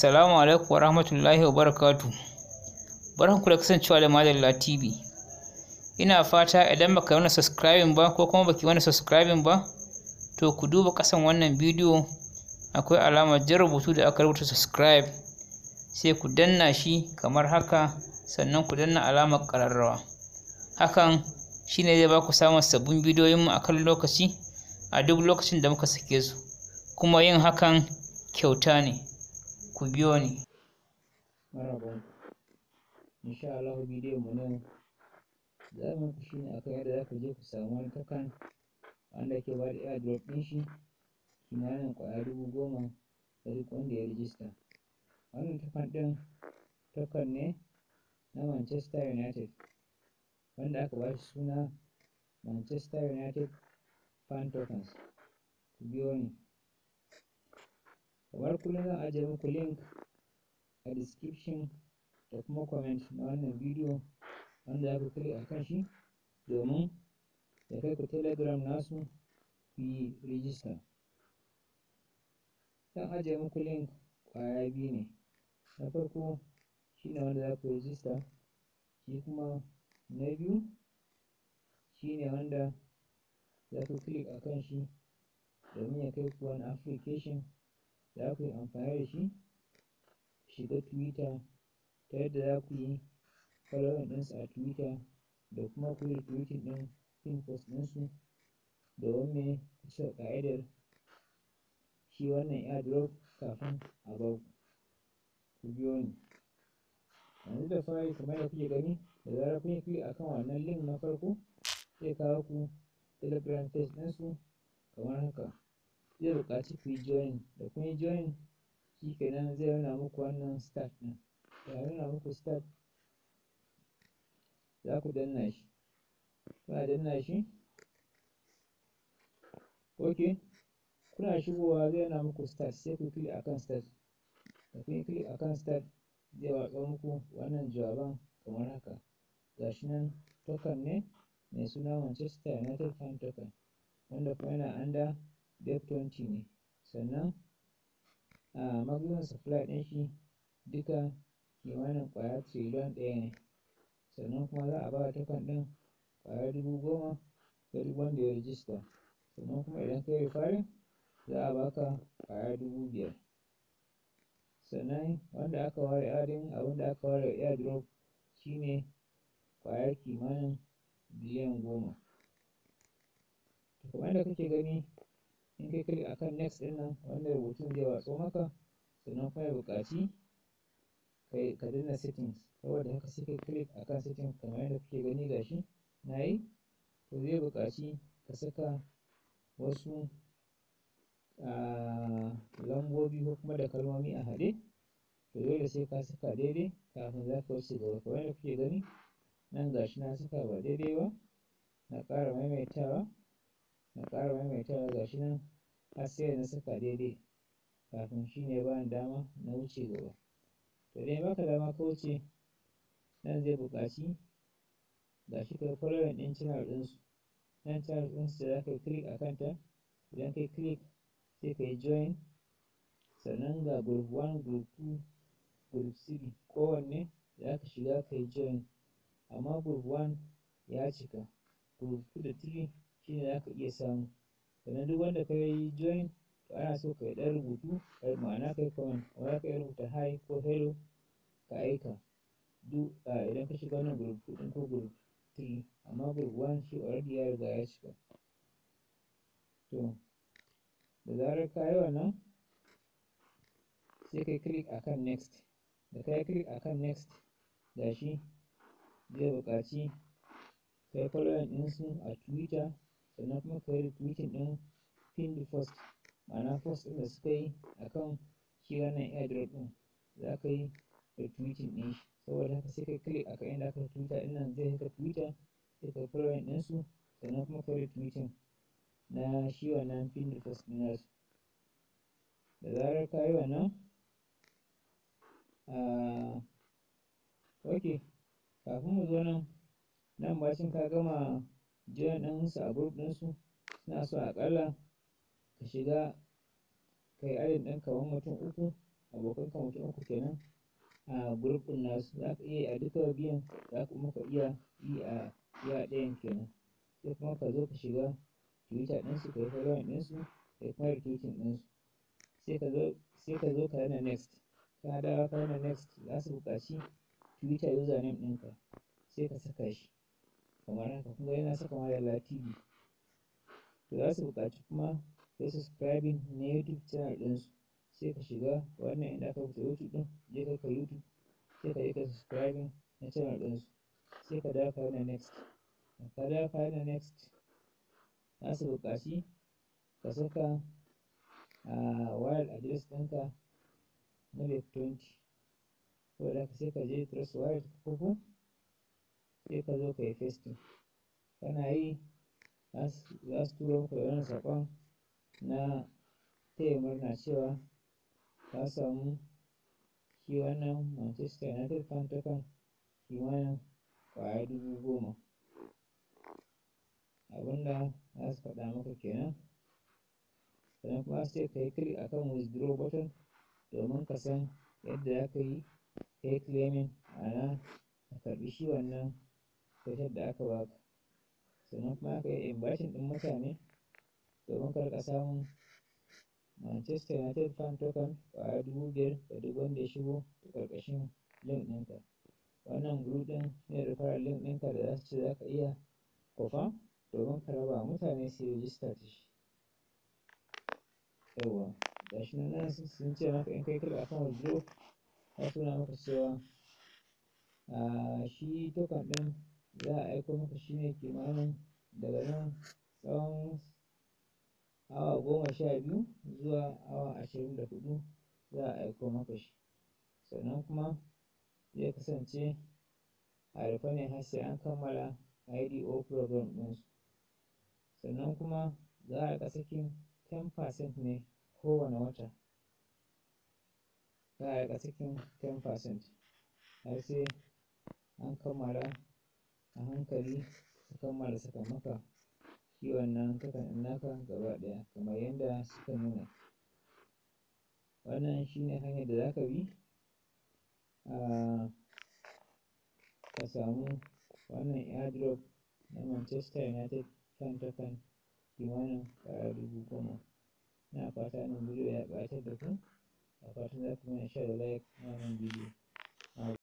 Assalamu alaikum wa rahmatullahi wa barakatu. Barkanku da kasancewa da Madalla TV. Ina fata idan baka wani subscribing ba ko kuma baki wani subscribing ba, to ku duba kasan wannan bidiyo akwai alama jan da aka rubuta subscribe sai ku danna shi kamar haka sannan ku danna alama ƙararrawa. Hakan shine zai baku samun sabbin bidiyoyin bidiyoyinmu akan lokaci a duk lokacin da muka sake su. Kuma yin hakan kyauta ne. ku biyo ni marhaban insha Allah bidiyo mu nan za mu ku a kan yadda za ku je ku samu wani takan. wanda ke ba da airdrop ɗin shi kimanin ƙwaya dubu goma da duk wanda ya rijista wannan takan ɗin token ne na Manchester United wanda aka ba shi suna Manchester United Fan Tokens ku biyo ni kamar kullum zan ajiye muku link a description da kuma comment na wannan video wanda za ku click a kan shi domin ya kai ku telegram nasu ku yi register zan ajiye muku link kwaya biyu ne na farko shi ne wanda za ku register shi kuma na biyu shi ne wanda za ku click a kan shi domin ya kai ku wani application za ku yi amfani da shi shiga twitter ta yadda za ku yi kwararren ɗinsu a twitter da kuma ku yi retweeting ɗin pin post ɗinsu da wani cika ƙa'idar shi wannan airdrop kafin a ba ku biyo ni yanzu da fari kamar da kuke gani da zarar kun yi click akan wannan link na farko zai kawo ku telegram test ɗinsu kamar haka zai buƙaci ku yi join da kun yi join shi kenan zai nuna muku wannan start ɗin ya nuna muku start za ku danna shi kuna danna shi ok kuna shigowa zai nuna muku start sai ku click akan start da kun yi click akan start zai watsa muku wannan jawaban kamar haka ga shi nan token ne mai suna Manchester United fan token wanda kuma yana under depth 20 ne sannan a maximum supply ɗin shi duka kimanin ƙwaya trillion ɗaya ne sannan kuma za a ba ta kan ɗin ƙwaya dubu goma ga duk wanda ya rijista sannan kuma idan ka yi farin za a baka ƙwaya dubu biyar sannan wanda aka ware adin abin da aka ware airdrop shine ƙwaya kimanin biliyan goma kamar yadda kake gani in kai click akan next din nan wannan rubutun zai watso maka sannan kuma bukaci buƙaci kai ka danna settings saboda haka sai kai click akan settings kamar yadda kuke gani gashi nayi to zai buƙaci ka saka wasu ah, lambobi ko kuma da kalmomi a haɗe to dole sai ka saka daidai kafin za ka wuce gaba kamar yadda kuke gani nan gashi na saka ba daidai ba na ƙara maimaitawa na ƙara maimaitawa ga shi nan har sai na saka daidai kafin shi ne ba dama na wuce gaba to dai baka dama ka wuce nan zai buƙaci ga shi kai following ɗin channel ɗinsu nan channel ɗinsu da za ka yi a kanta idan kai click sai ka yi join sannan ga group 1 group 2 group 3 kowanne za ka shiga ka yi join amma group 1 ya cika group 2 da 3 shi ne za ka iya samu sannan duk wanda ka yi join to ana so ka yi ɗan rubutu ma'ana ka yi comment wani ka yi rubuta hi ko hello ka aika duk idan ka shiga wannan group ɗin ko group 3 amma group 1 shi already ya riga ya shiga to da zarar ka yi wannan sai ka yi click akan next da ka yi click akan next gashi zai buƙaci kai following ɗinsu a twitter sannan kuma ka yi retweeting ɗin pinned post ma'ana ɗin da suka yi akan shi wannan airdrop ɗin za ka yi retweeting ɗin shi saboda haka sai ka click akan inda aka retweeta ɗin nan zai ka twitter sai ka following su sannan kuma ka retweeting na shi wannan pinned post ɗin nasu da zarar ka yi wannan ah, okay. kafin mu zo nan nan bacin ka gama jiran ɗinsu a group ɗinsu suna so aƙalla ka shiga ka yi adin ɗin kamar mutum uku abokan ka mutum uku kenan a group ɗin nasu za ka iya a duka biyan za kuma ka iya yi a iya ɗayan kenan sai kuma ka zo ka shiga twitter ɗinsu ka yi following ɗinsu ka yi kuma retweeting ɗinsu sai ka zo sai ka zo ka yana next ka dawo ka yana next za su buƙaci twitter username ɗinka sai ka saka shi kamar haka kuma yana saka ma da latv to za su buƙaci kuma ka yi subscribing na youtube channel ɗinsu sai ka shiga wannan inda aka fita youtube ɗin je ka ka youtube sai ka yi ka subscribe na channel ɗinsu sai ka dawo ka yana next ka dawo ka yana next za su buƙaci ka saka a wire address ɗinka na web 20 saboda haka sai ka je trust wire ko kuma sai ka zo ka yi festin kana yi za su turo maka wani saƙon na taya murna cewa ka samu shi wannan manchester united fan ta kan kimanin ƙwaya dubu goma abinda za su faɗa maka kenan sannan kuma sai ka yi click akan withdraw button domin ka san yadda za ka yi ka yi claiming ma'ana ka karɓi shi wannan kyautar da aka baka sannan kuma aka yi ɗin mutane domin ka samun Manchester United fan token kwaya dubu biyar da duk wanda ya shigo ƙarƙashin link ɗinka wannan group ɗin ne fara link ɗinka da za su ce za ka iya kofa domin ka raba mutane su register da shi yawa ga shi nan sun ce maka in kai a kan withdraw za su nuna maka cewa ah, shi token ɗin za a aiko maka shi ne kimanin daga nan tsawon awa goma sha biyu zuwa awa ashirin da hudu za a aiko maka shi sannan kuma zai kasance a rufe ne har sai an kammala IDO program ɗinsu sannan kuma za a riƙa sakin 10% ne kowane wata za a riƙa sakin 10% har sai an kammala a hankali ka kammala sakamaka kiwon naka gaba ɗaya kamar yadda suka nuna. Wannan shi ne hanyar da za ka bi a ka samu wannan airdrop na Manchester United kan takan kimanin ƙwaya dubu goma. Ina fata wannan bidiyo ya ƙayatar da ku, a fatan za ku mana share da like na wannan bidiyo.